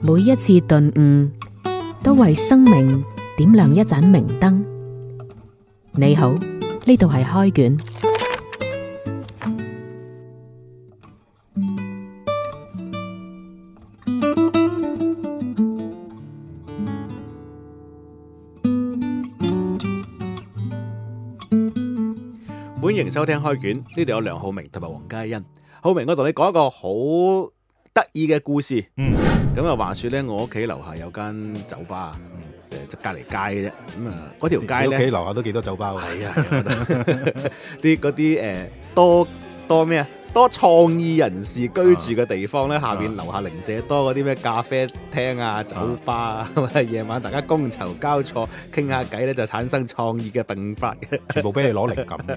每一次頓悟，都為生命點亮一盞明燈。你好，呢度係開卷。歡迎收聽開卷，呢度有梁浩明同埋黃嘉欣。浩明，我同你講一個好得意嘅故事，咁、嗯、啊，話說咧，我屋企樓下有間酒吧，誒、嗯呃，就隔籬街嘅啫。咁、嗯、啊，嗰條街咧，屋企樓下都幾多酒吧。係啊，啲嗰啲誒，多多咩啊，多創意人士居住嘅地方咧、啊，下邊樓下零舍多嗰啲咩咖啡廳啊，啊、酒吧啊，夜、啊、 晚大家觥籌交錯，傾下偈咧，就產生創意嘅迸發全部俾你攞嚟講。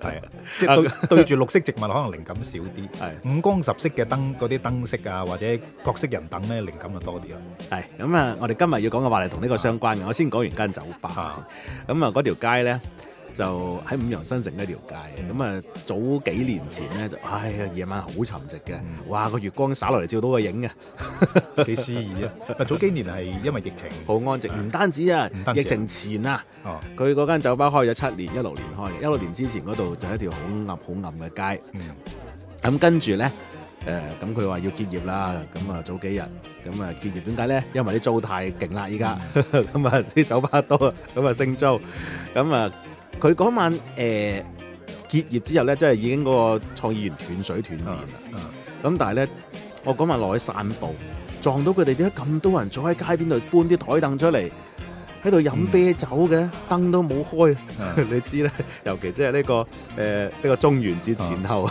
係 啊，即、就、係、是、對 對住綠色植物，可能靈感少啲。係五光十色嘅燈，嗰啲燈飾啊，或者各色人等咧，靈感就多啲咯。係咁啊，我哋今日要講嘅話題同呢個相關嘅。我先講完間酒吧先，咁啊，嗰條、那個、街咧。就喺五羊新城一條街，咁、嗯、啊早幾年前咧就唉夜晚好沉寂嘅、嗯，哇個月光灑落嚟照到個影嘅、啊，幾詩意啊！但係早幾年係因為疫情好安靜，唔、嗯單，啊、單止啊，疫情前啊，佢、哦、嗰間酒吧開咗七年，一六年開，一六年之前嗰度就係一條好暗好暗嘅街。咁、嗯、跟住咧，誒咁佢話要結業啦。咁啊早幾日，咁啊結業點解咧？因為啲租太勁啦，依家咁啊啲酒吧多咁啊升租咁啊。佢嗰晚誒、欸、結業之後咧，即係已經嗰個創意園斷水斷電啦。咁、嗯嗯、但係咧，我嗰晚落去散步，撞到佢哋點解咁多人坐喺街邊度搬啲台凳出嚟？喺度飲啤酒嘅燈、嗯、都冇開，你知咧，尤其即係呢個誒呢、呃這個中元節前後，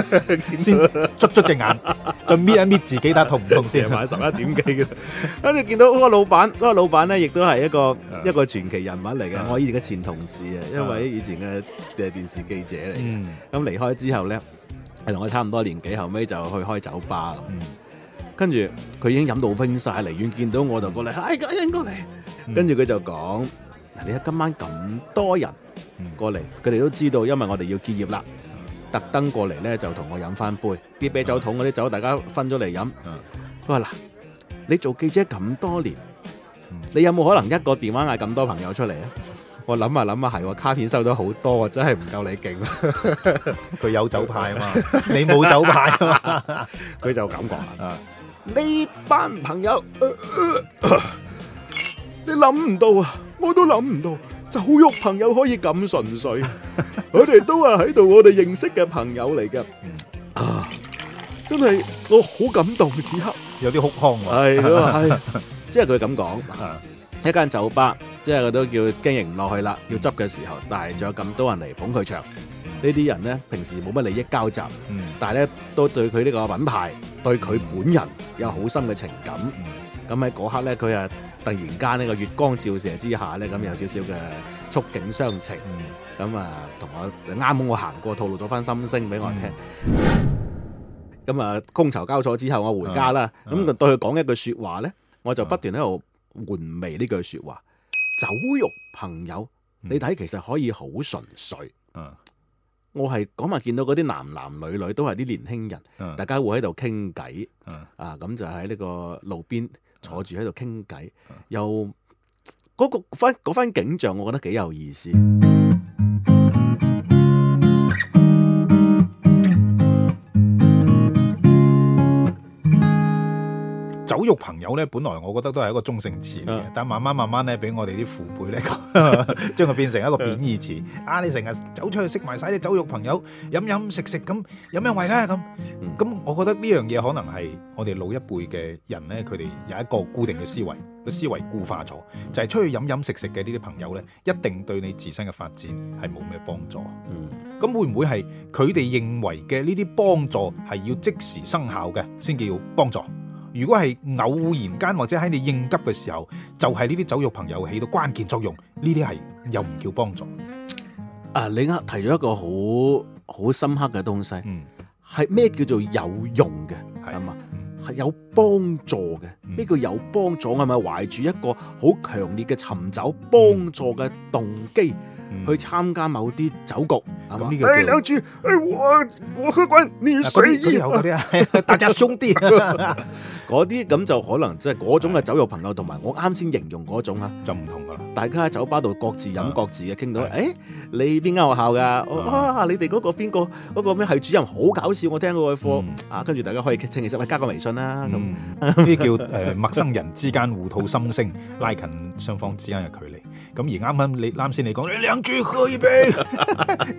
先捽捽隻眼，就搣一搣自己睇下痛唔痛先，晚十一點幾嘅，跟 住見到嗰個老闆，嗰、嗰個老闆咧亦都係一個一個傳奇人物嚟嘅，是我以前嘅前同事啊，一位以前嘅嘅電視記者嚟嘅，咁離開之後咧，係同我差唔多年紀，後尾就去開酒吧，嗯、跟住佢已經飲到醺晒，嚟遠見到我就過嚟，哎，過嚟。跟住佢就講，你睇今晚咁多人過嚟，佢、嗯、哋都知道，因為我哋要結業啦、嗯，特登過嚟咧就同我飲翻杯。啲、嗯、啤酒桶嗰啲酒、嗯，大家分咗嚟飲。佢、嗯、話，嗱，你做記者咁多年，嗯、你有冇可能一個電話嗌咁多朋友出嚟啊？我諗啊諗啊，係卡片收咗好多，真係唔夠你勁。佢有酒牌嘛， 你冇酒牌嘛，佢 就咁講啦。呢 班朋友。呃呃呃呃你諗唔到啊！我都諗唔到，酒肉朋友可以咁純粹。 我哋都係喺度，我哋認識嘅朋友嚟㗎、嗯啊。真係我好感動，此刻有啲哭腔係係，即係佢咁講， 一間酒吧，即係佢都叫經營唔落去啦，要執嘅時候，嗯、但係仲有咁多人嚟捧佢場。這些呢啲人咧，平時冇乜利益交集，嗯、但係咧都對佢呢個品牌，對佢本人有好深嘅情感。咁喺嗰刻咧，佢啊突然間呢個月光照射之下咧，咁、嗯、有少少嘅觸景傷情，咁、嗯、啊同我啱好我行過，透露咗返心聲俾我聽。咁、嗯、啊，觥籌交錯之後，我回家啦。咁、啊、對佢講一句説話咧，我就不斷喺度玩味呢句説話、啊。酒肉朋友，嗯、你睇其實可以好純粹。啊、我係嗰晚見到嗰啲男男女女都係啲年輕人，啊、大家會喺度傾偈。啊，咁、啊、就喺呢個路邊。坐住喺度傾偈，又嗰、嗰個番嗰番景象，我覺得幾有意思。酒肉朋友咧，本來我覺得都係一個中性詞嚟嘅、嗯，但慢慢慢慢咧，俾我哋啲父輩咧，將 佢變成一個貶義詞。嗯、啊，你成日走出去識埋晒啲酒肉朋友，飲飲食食咁，有咩為咧咁？咁我覺得呢樣嘢可能係我哋老一輩嘅人咧，佢哋有一個固定嘅思維，個思維固化咗，就係、是、出去飲飲食食嘅呢啲朋友咧，一定對你自身嘅發展係冇咩幫助。咁、嗯、會唔會係佢哋認為嘅呢啲幫助係要即時生效嘅先叫幫助？如果係偶然間或者喺你應急嘅時候，就係呢啲酒肉朋友起到關鍵作用。呢啲係又唔叫幫助。啊，你提咗一個好好深刻嘅東西，係、嗯、咩叫做有用嘅？係嘛，係、嗯、有幫助嘅。咩、嗯、叫有幫助？係咪懷住一個好強烈嘅尋找幫助嘅動機、嗯、去參加某啲酒局？你、嗯、呢、哎這個叫誒、哎，我我何關？你隨意， 大家兄弟。嗰啲咁就可能即係嗰種嘅酒肉朋友，同埋我啱先形容嗰種啊，就唔同噶啦。大家喺酒吧度各自飲各自嘅傾、嗯、到，誒、欸、你邊間學校噶、嗯啊？你哋嗰、那個邊、那個嗰、那個咩係主任好搞笑，我聽佢嘅課、嗯、啊，跟住大家可以傾，其實加個微信啦、啊、咁，呢、嗯、啲、嗯、叫誒 陌生人之間互吐心聲，拉近雙方之間嘅距離。咁而啱啱你啱先你講你兩注可以俾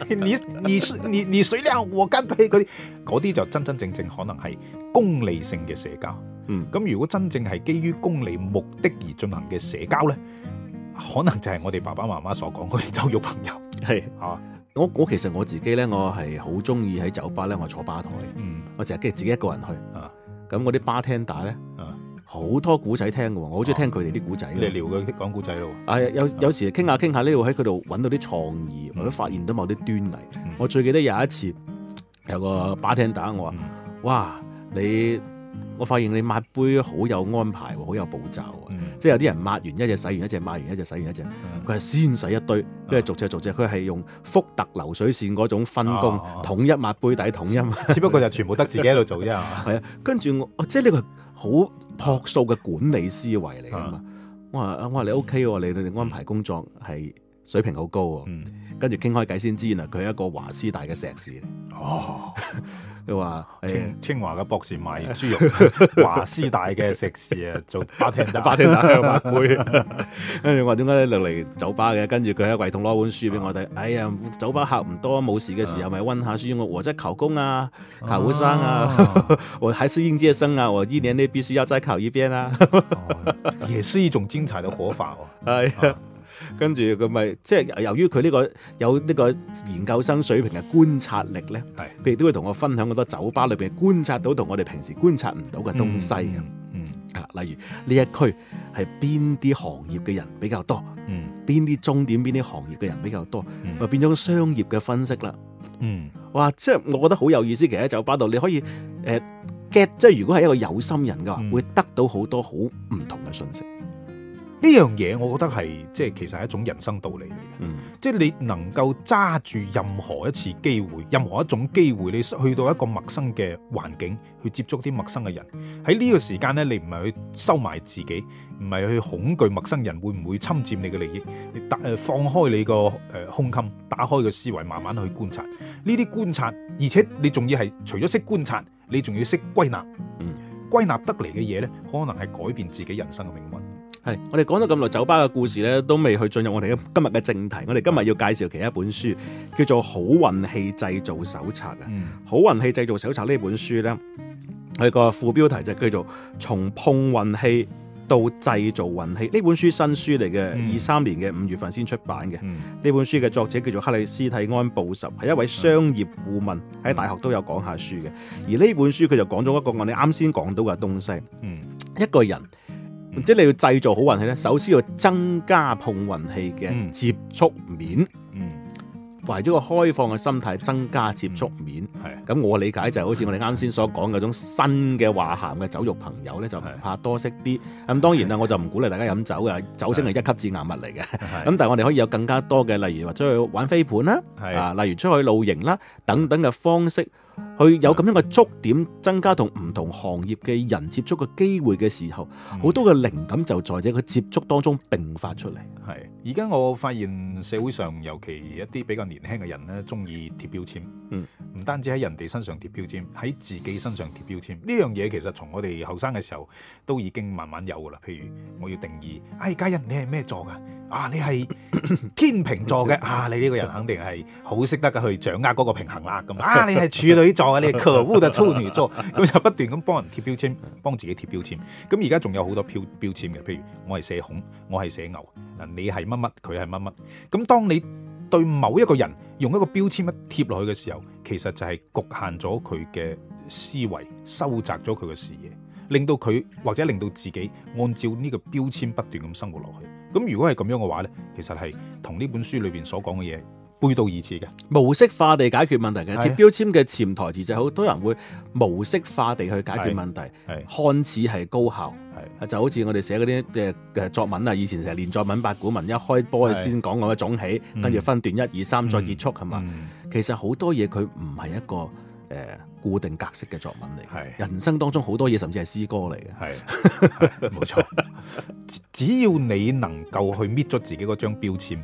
你你是你你誰亮我幹杯，佢嗰啲就真真正正可能係功利性嘅社交。嗯，咁如果真正係基於功利目的而進行嘅社交咧，可能就係我哋爸爸媽媽所講嗰啲酒肉朋友。係啊，我我其實我自己咧，我係好中意喺酒吧咧，我坐吧台。嗯、我成日跟住自己一個人去。啊，咁嗰啲吧聽打咧，啊，好多古仔聽嘅喎，我好中意聽佢哋啲古仔。你聊佢講古仔咯？係、嗯、有有，有時傾下傾下，呢度喺佢度揾到啲創意、嗯，或者發現到某啲端倪、嗯。我最記得有一次有一個吧聽打，我、嗯、話，哇，你！我發現你抹杯好有安排喎，好有步驟喎，嗯、即係有啲人抹完一隻洗完一隻，抹完一隻洗完一隻，佢係先洗一堆，跟住逐隻逐隻，佢係用福特流水線嗰種分工，啊啊、統一抹杯底，統一只，只不過就全部得自己喺度做啫。係 啊，啊，跟住我，即係呢個好樸素嘅管理思維嚟嘅嘛。我話我話你 OK 喎、啊，你哋安排工作係。水平好高，啊，跟住傾開偈先知啦。佢係一個華師大嘅碩士，哦，佢話清、哎、清華嘅博士賣豬肉，華 師大嘅碩士啊做巴田打巴田打向八杯，跟住我點解你落嚟酒吧嘅？跟住佢喺櫃桶攞本書俾我哋。哎呀，酒吧客唔多，冇事嘅時候咪溫、啊、下書。我在考公啊，求生啊，啊 我還是應屆生啊，我一年呢必須要再考一遍啊、哦，也是一種精彩嘅活法哦。哎 呀、嗯。啊 跟住佢咪即係由於佢呢、這個有呢個研究生水平嘅觀察力咧，係，譬如都會同我分享好多酒吧裏邊觀察到同我哋平時觀察唔到嘅東西嘅，嗯，啊、嗯，例如呢一區係邊啲行業嘅人比較多，嗯，邊啲終點邊啲行業嘅人比較多，咪、嗯、變咗商業嘅分析啦，嗯，哇，即係我覺得好有意思其實喺酒吧度，你可以誒、呃、get，即係如果係一個有心人嘅話、嗯，會得到好多好唔同嘅信息。呢樣嘢，我覺得係即係其實係一種人生道理嚟嘅。嗯。即係你能夠揸住任何一次機會，任何一種機會，你去到一個陌生嘅環境去接觸啲陌生嘅人，喺呢個時間呢，你唔係去收埋自己，唔係去恐懼陌生人會唔會侵佔你嘅利益，你打誒放開你個誒胸襟，打開個思維，慢慢去觀察呢啲觀察，而且你仲要係除咗識觀察，你仲要識歸納。嗯，歸納得嚟嘅嘢呢，可能係改變自己人生嘅命運。係，我哋講咗咁耐酒吧嘅故事咧，都未去進入我哋嘅今日嘅正題。我哋今日要介紹其他一本書，叫做《好運氣製造手冊》啊！嗯《好運氣製造手冊》呢本書呢，佢個副標題就叫做《從碰運氣到製造運氣》。呢本書是新書嚟嘅，二、嗯、三年嘅五月份先出版嘅。呢、嗯、本書嘅作者叫做克里斯蒂安布什，係一位商業顧問，喺、嗯、大學都有講一下書嘅。而呢本書佢就講咗一個我哋啱先講到嘅東西、嗯，一個人。即係你要製造好運氣咧，首先要增加碰運氣嘅接觸面，為、嗯、咗、嗯、個開放嘅心態，增加接觸面。係、嗯、咁，我理解就係好似我哋啱先所講嗰種新嘅話咸嘅酒肉朋友咧，就唔怕多識啲。咁當然啦，我就唔鼓勵大家飲酒嘅，酒精係一級致癌物嚟嘅。咁但係我哋可以有更加多嘅，例如或者去玩飛盤啦，啊，例如出去露營啦等等嘅方式。去有咁樣嘅觸點，增加同唔同行業嘅人接觸嘅機會嘅時候，好、嗯、多嘅靈感就在呢個接觸當中迸發出嚟。係而家我發現社會上，尤其一啲比較年輕嘅人咧，中意貼標籤。唔、嗯、單止喺人哋身上貼標籤，喺自己身上貼標籤呢樣嘢其實從我哋後生嘅時候都已經慢慢有噶啦。譬如我要定義，哎，嘉欣你係咩座噶？啊，你係天秤座嘅。啊，你呢個人肯定係好識得去掌握嗰個平衡啦。咁啊，你係處女座嘅。 我 話 你係可惡嘅處女座咁就不斷咁幫人貼標籤，幫自己貼標籤。咁而家仲有好多標標籤嘅，譬如我係社恐，我係社牛，你係乜乜，佢係乜乜。咁當你對某一個人用一個標籤一貼落去嘅時候，其實就係局限咗佢嘅思維，收窄咗佢嘅視野，令到佢或者令到自己按照呢個標籤不斷咁生活落去。咁如果係咁樣嘅話咧，其實係同呢本書裏邊所講嘅嘢。背道而馳嘅模式化地解決問題嘅貼、啊、標籤嘅潛台詞，就好多人會模式化地去解決問題，係看似係高效，係就好似我哋寫嗰啲嘅嘅作文啊，以前成日練作文八股文，一開波先講咁嘅總起，跟、嗯、住分段一二三再結束，係嘛、嗯嗯，其實好多嘢佢唔係一個誒、呃、固定格式嘅作文嚟，係人生當中好多嘢甚至係詩歌嚟嘅。係，冇錯， 沒錯 只要你能夠去搣咗自己嗰張標籤。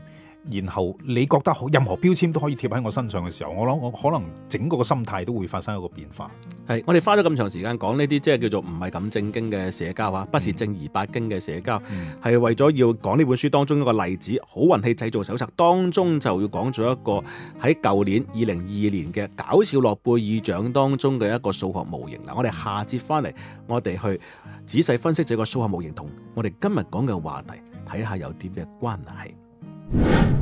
然後你覺得任何標籤都可以貼喺我身上嘅時候，我諗我，我可能整個心態都會發生一個變化。係，我哋花咗咁長時間講呢啲，即係叫做唔係咁正經嘅社交啊、嗯，不是正兒八經嘅社交，係、嗯、為咗要講呢本書當中一個例子。好運氣製造手冊當中就要講咗一個喺舊年二零二二年嘅搞笑諾貝爾獎當中嘅一個數學模型嗱。我哋下節翻嚟，我哋去仔細分析這個數學模型同我哋今日講嘅話題睇下有啲咩關係？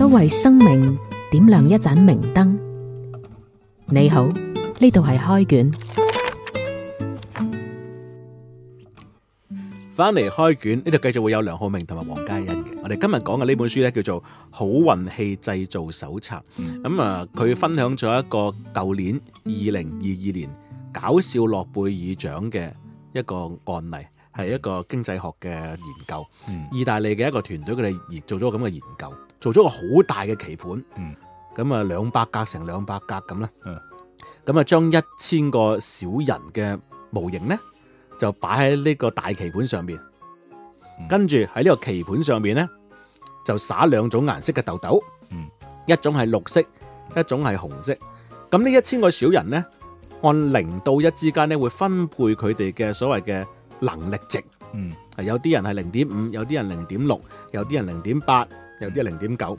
都為生命點亮一盞明燈。你好，呢度係開卷。翻嚟開卷，呢度繼續會有梁浩明同埋黃嘉欣嘅。我哋今日講嘅呢本書呢，叫做《好運氣製造手冊》。咁、嗯、啊，佢、嗯、分享咗一個舊年二零二二年搞笑諾貝爾獎嘅一個案例。係一個經濟學嘅研究，嗯，意大利嘅一個團隊，佢哋做咗個咁嘅研究，做咗個好大嘅棋盤。咁、嗯、啊，兩百格乘兩百格咁啦。咁、嗯、啊，將一千個小人嘅模型呢，就擺喺呢個大棋盤上面。嗯、跟住喺呢個棋盤上面呢，就撒兩種顏色嘅豆豆，嗯、一種係綠色，嗯、一種係紅色。咁呢一千個小人呢，按零到一之間呢，會分配佢哋嘅所謂嘅能力值，嗯，有啲人係零點五，有啲人零點六，有啲人零點八，有啲零點九。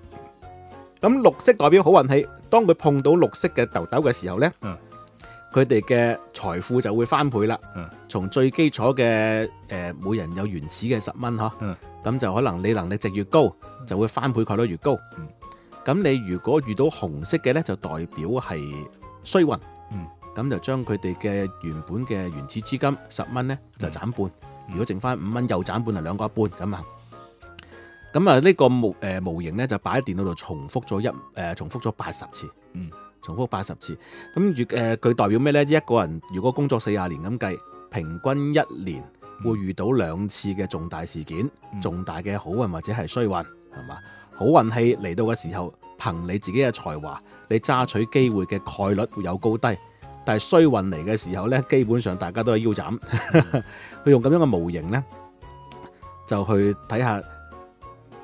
咁綠色代表好運氣，當佢碰到綠色嘅豆豆嘅時候呢，佢哋嘅財富就會翻倍啦。嗯，從最基礎嘅誒、呃，每人有原始嘅十蚊呵。咁、嗯、就可能你能力值越高，就會翻倍概率越高。嗯，咁你如果遇到紅色嘅呢，就代表係衰運。嗯。咁就將佢哋嘅原本嘅原始資金十蚊咧，就斬半、嗯。如果剩翻五蚊，又斬半，就兩個一半咁啊。咁啊，呢個模誒模型咧，就擺喺電腦度重複咗一誒、呃、重複咗八十次，嗯，重複八十次。咁如誒佢、呃、代表咩咧？一個人如果工作四十年咁計，平均一年會遇到兩次嘅重大事件，嗯、重大嘅好運或者係衰運，係嘛？好運氣嚟到嘅時候，憑你自己嘅才華，你揸取機會嘅概率會有高低。但係衰運嚟嘅時候咧，基本上大家都係腰斬。佢 用咁樣嘅模型咧，就去睇下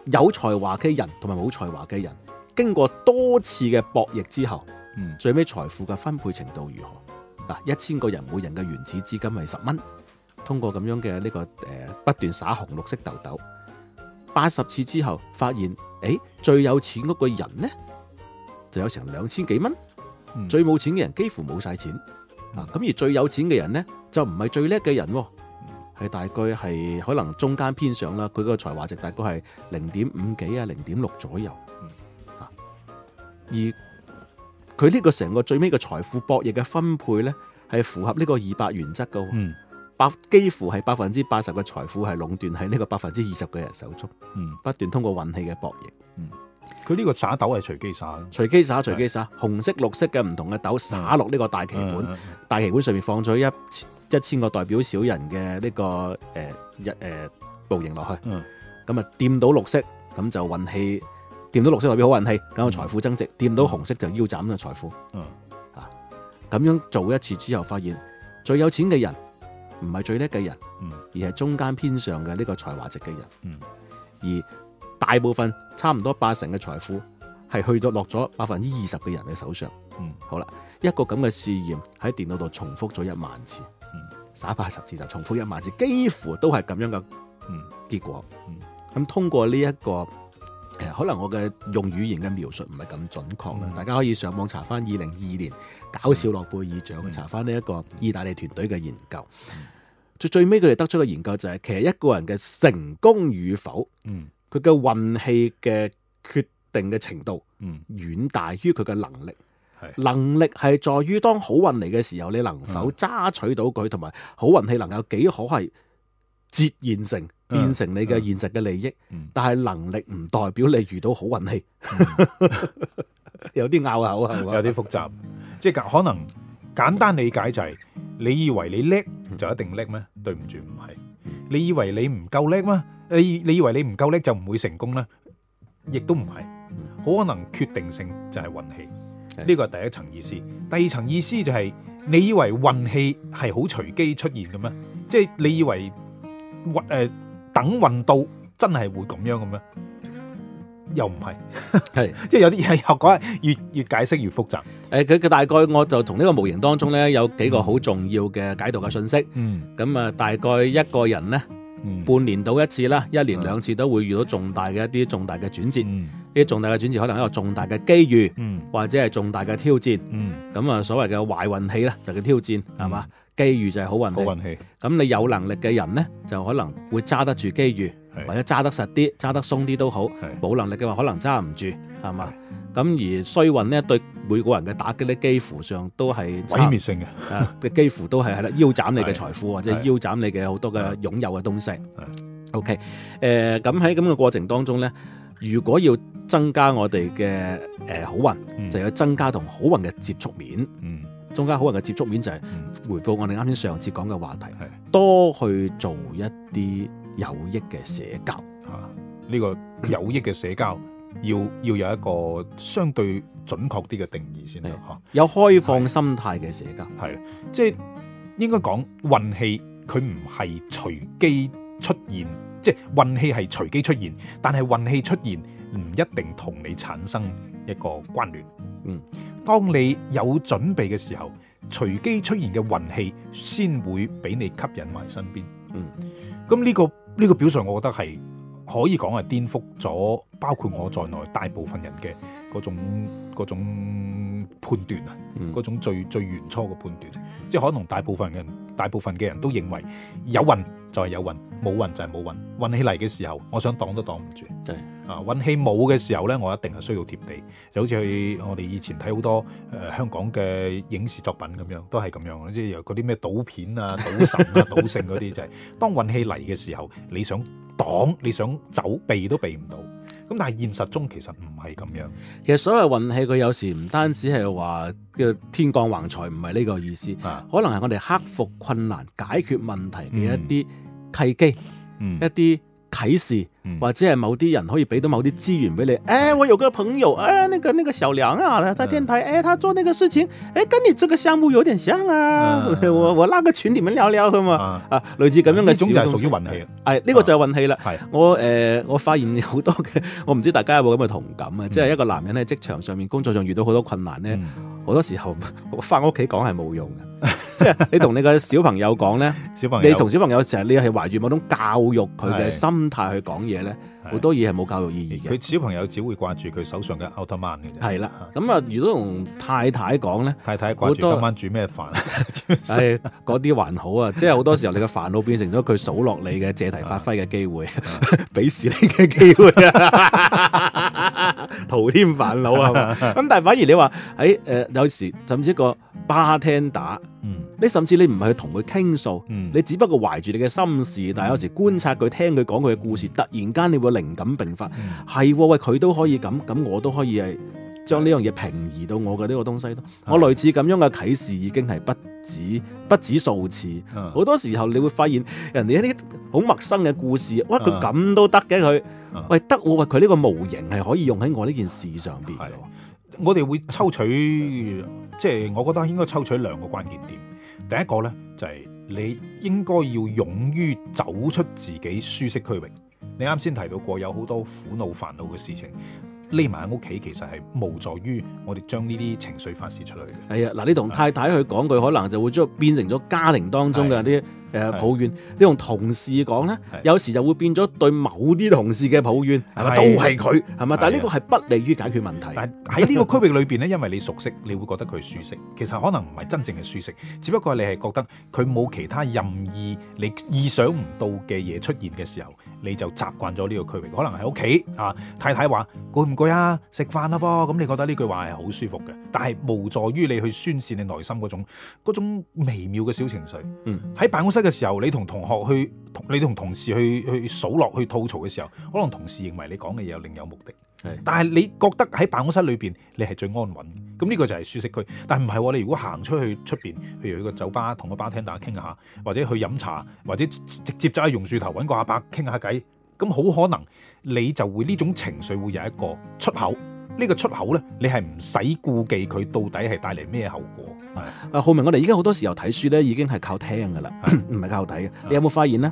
有才華嘅人同埋冇才華嘅人，經過多次嘅博弈之後，嗯，最尾財富嘅分配程度如何？嗱，一千個人，每人嘅原始資金係十蚊，通過咁樣嘅呢、這個誒、呃，不斷撒紅綠色豆豆，八十次之後，發現誒，最有錢嗰個人呢，就有成兩千幾蚊。嗯、最冇錢嘅人幾乎冇晒錢，嗱、嗯、咁、啊、而最有錢嘅人呢，就唔係最叻嘅人，係、嗯、大概係可能中間偏上啦，佢個才華值大概係零點五幾啊零點六左右，啊、而佢呢個成個最尾嘅財富博弈嘅分配呢，係符合呢個二百原則嘅，百、嗯、幾乎係百分之八十嘅財富係壟斷喺呢個百分之二十嘅人手中、嗯，不斷通過運氣嘅博弈，嗯佢呢個撒豆係隨機撒，隨機撒，隨機撒，紅色、綠色嘅唔同嘅豆撒落呢個大棋盤、嗯嗯嗯，大棋盤上面放咗一一千個代表小人嘅呢、這個誒，一誒模型落去。嗯，咁啊掂到綠色，咁就運氣掂到綠色代表好運氣，咁財富增值；掂、嗯、到紅色就腰斬嘅財富。嗯，啊，咁樣做一次之後，發現最有錢嘅人唔係最叻嘅人，嗯、而係中間偏上嘅呢個才華值嘅人。嗯嗯、而大部分差唔多八成嘅財富係去到落咗百分之二十嘅人嘅手上。嗯，好啦，一個咁嘅試驗喺電腦度重複咗一萬次，嗯，八十次就重複一萬次，幾乎都係咁樣嘅嗯結果。嗯，咁、嗯、通過呢、這、一個誒、呃，可能我嘅用語言嘅描述唔係咁準確啦、嗯。大家可以上網查翻二零二二年搞笑諾貝爾獎，查翻呢一個意大利團隊嘅研究。嗯，最尾佢哋得出嘅研究就係、是，其實一個人嘅成功與否，嗯。佢嘅運氣嘅決定嘅程度，嗯，遠大於佢嘅能力。能力係在於當好運嚟嘅時候，你能否揸取到佢，同、嗯、埋好運氣能夠幾可係截現成變成你嘅現實嘅利益。嗯嗯、但係能力唔代表你遇到好運氣，嗯、 有啲拗口係有啲複雜，即 係可能簡單理解就係你以為你叻就一定叻咩？對唔住，唔係。你以為你唔夠叻咩？你你以為你唔夠叻就唔會成功啦？亦都唔係，好可能決定性就係運氣。呢個係第一層意思。第二層意思就係你以為運氣係好隨機出現嘅咩？即係你以為運誒等運到真係會咁樣咁咩？又唔係係，即係有啲嘢又講越越解釋越複雜。誒，佢佢大概我就從呢個模型當中咧有幾個好重要嘅解讀嘅信息。嗯，咁啊，大概一個人咧。嗯、半年到一次啦，一年兩次都會遇到重大嘅一啲重大嘅轉折，呢、嗯、啲重大嘅轉折可能係一個重大嘅機遇，嗯、或者係重大嘅挑戰。咁、嗯、啊，所謂嘅壞運氣咧就叫挑戰，係、嗯、嘛？機遇就係好運氣。咁你有能力嘅人呢，就可能會揸得住機遇。嗯嗯或者揸得實啲，揸得鬆啲都好。冇能力嘅話，可能揸唔住，係嘛？咁而衰運咧，對每個人嘅打擊咧，幾乎上都係毀密性嘅。誒，幾乎都係係啦， 腰斬你嘅財富或者腰斬你嘅好多嘅擁有嘅東西。OK，誒咁喺咁嘅過程當中咧，如果要增加我哋嘅、呃、好運、嗯，就要增加同好運嘅接觸面。嗯，增加好運嘅接觸面就係回覆我哋啱先上次講嘅話題，多去做一啲有益嘅社交，吓呢個有益嘅社交要要有一個相對準確啲嘅定義先，有開放心態嘅社交係即係應該講運氣佢唔係隨機出現，即係運氣係隨機出現，但係運氣出現唔一定同你產生一個關聯。嗯，當你有準備嘅時候，隨機出現嘅運氣先會俾你吸引埋身邊。嗯，咁呢個。呢、這個表述我覺得係可以講係顛覆咗包括我在內大部分人嘅嗰種嗰種判斷啊，嗰、嗯、種最最原初嘅判斷，即係可能大部分人。大部分嘅人都認為有運就係有運，冇運就係冇運。運起嚟嘅時候，我想擋都擋唔住。啊，運氣冇嘅時候呢，我一定係衰到貼地。就好似我哋以前睇好多誒香港嘅影視作品咁樣，都係咁樣。即係嗰啲咩賭片啊、賭神啊、賭聖嗰啲， 就係當運氣嚟嘅時候，你想擋、你想走、避都避唔到。咁但係現實中其實唔係咁樣，其實所謂運氣佢有時唔單止係話嘅天降橫財，唔係呢個意思，啊、可能係我哋克服困難、解決問題嘅一啲契機，嗯、一啲，啟示或者係某啲人可以俾到某啲資源俾你，誒、嗯哎，我有個朋友，誒、哎，那個那個小梁啊，佢在電台，誒、嗯哎，他做那個事情，誒、哎，跟你這個項目有點像啊。嗯、我我拉個群裏面聊聊佢嘛，嗯，啊，類似咁樣嘅，總之就係屬於運氣，係、啊、呢、哎這個就係運氣啦。係、啊、我誒、呃，我發現好多嘅，我唔知大家有冇咁嘅同感啊，嗯，即係一個男人咧，職場上面工作上遇到好多困難咧。嗯好多時候翻屋企講係冇用嘅，即係你同你個小朋友講咧，小朋友你同 小朋友成日你係懷住某種教育佢嘅心態去講嘢咧，好多嘢係冇教育意義嘅。佢小朋友只會掛住佢手上嘅奧特曼嘅，係啦。咁啊，那如果同太太講咧，太太掛住今晚煮咩飯，嗰 啲 還好啊。 即係好多時候你嘅煩惱變成咗佢數落你嘅借題發揮嘅機會，鄙 視 你嘅機會啊。 徒添煩惱啊！咁 但係反而你話喺誒有時甚至一個 bartender，嗯，你甚至你唔係去同佢傾訴，你只不過懷住你嘅心事，嗯、但係有時觀察佢聽佢講佢嘅故事，突然間你會靈感迸發，係、嗯、喂佢都可以咁，咁我都可以係將呢樣嘢平移到我嘅呢、這個東西咯，我類似咁樣嘅啟示已經係不。不止不止數次，好、嗯、多時候你會發現人哋一啲好陌生嘅故事，哇！佢咁都得嘅佢，喂得我喂佢呢個模型係可以用喺我呢件事上邊嘅。我哋會抽取，即 係我覺得應該抽取兩個關鍵點。第一個呢，就係、是、你應該要勇於走出自己舒適區域。你啱先提到過有好多苦惱煩惱嘅事情。匿埋喺屋企，其實係無助於我哋將呢啲情緒發泄出嚟嘅。係啊，嗱，你同太太去講句，可能就會將變成咗家庭當中嘅啲。誒，抱怨你同同事講呢，有時就會變咗對某啲同事嘅抱怨，係咪？都係佢，係咪？但係呢個係不利於解決問題。但係喺呢個區域裏邊呢， 因為你熟悉，你會覺得佢舒適，其實可能唔係真正嘅舒適，只不過你係覺得佢冇其他任意你意想唔到嘅嘢出現嘅時候，你就習慣咗呢個區域。可能喺屋企啊，太太話攰唔攰啊，食飯啦噃，咁你覺得呢句話係好舒服嘅，但係無助於你去宣泄你內心嗰種嗰種微妙嘅小情緒。喺、嗯、辦公室。嘅時候，你同同學去，你同同事去去數落，去吐槽嘅時候，可能同事認為你講嘅嘢有另有目的。係，但係你覺得喺辦公室裏邊，你係最安穩。咁呢個就係舒適區。但係唔係喎，你如果行出去出邊，譬如去個酒吧，同個 bartender 大家傾下，或者去飲茶，或者直接走去榕樹頭揾個阿伯傾下偈，咁好可能你就會呢種情緒會有一個出口。呢個出口咧，你係唔使顧忌佢到底係帶嚟咩後果。啊，浩明，我哋而家好多時候睇書咧，已經係靠聽嘅啦，唔係靠睇嘅。你有冇發現咧？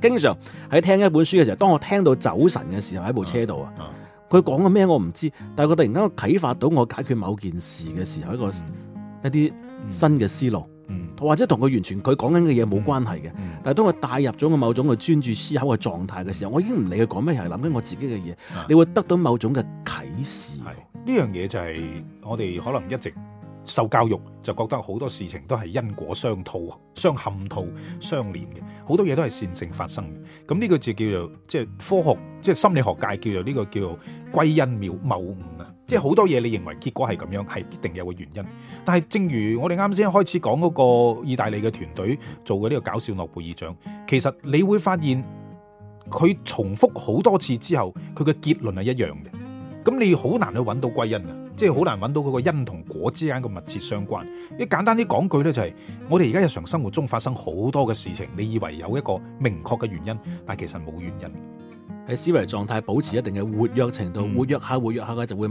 經常喺聽一本書嘅時候，當我聽到走神嘅時候喺部車度啊，佢講緊咩我唔知，但係佢突然間啟發到我解決某件事嘅時候，一個一啲新嘅思路。嗯，或者同佢完全佢講緊嘅嘢冇關係嘅、嗯，但係當佢帶入咗我某種嘅專注思考嘅狀態嘅時候，我已經唔理佢講咩，係諗緊我自己嘅嘢、嗯，你會得到某種嘅啟示。呢樣嘢就係我哋可能一直受教育就覺得好多事情都係因果相套、相嵌套、相連嘅，好多嘢都係線性發生嘅。咁呢個就叫做即係科學，即係心理學界叫做呢個叫做歸因謬誤啊。即係好多嘢，你認為結果係咁樣，係必定有個原因。但係正如我哋啱先開始講嗰個意大利嘅團隊做嘅呢個搞笑諾貝爾獎，其實你會發現，佢重複好多次之後，佢嘅結論係一樣嘅。咁你好難去揾到歸因啊！即係好難揾到嗰個因同果之間嘅密切相關。一簡單啲講句咧，就是，就係我哋而家日常生活中發生好多嘅事情，你以為有一個明確嘅原因，但其實冇原因。喺思維狀態保持一定嘅活躍程度，活躍下活躍下嘅就會。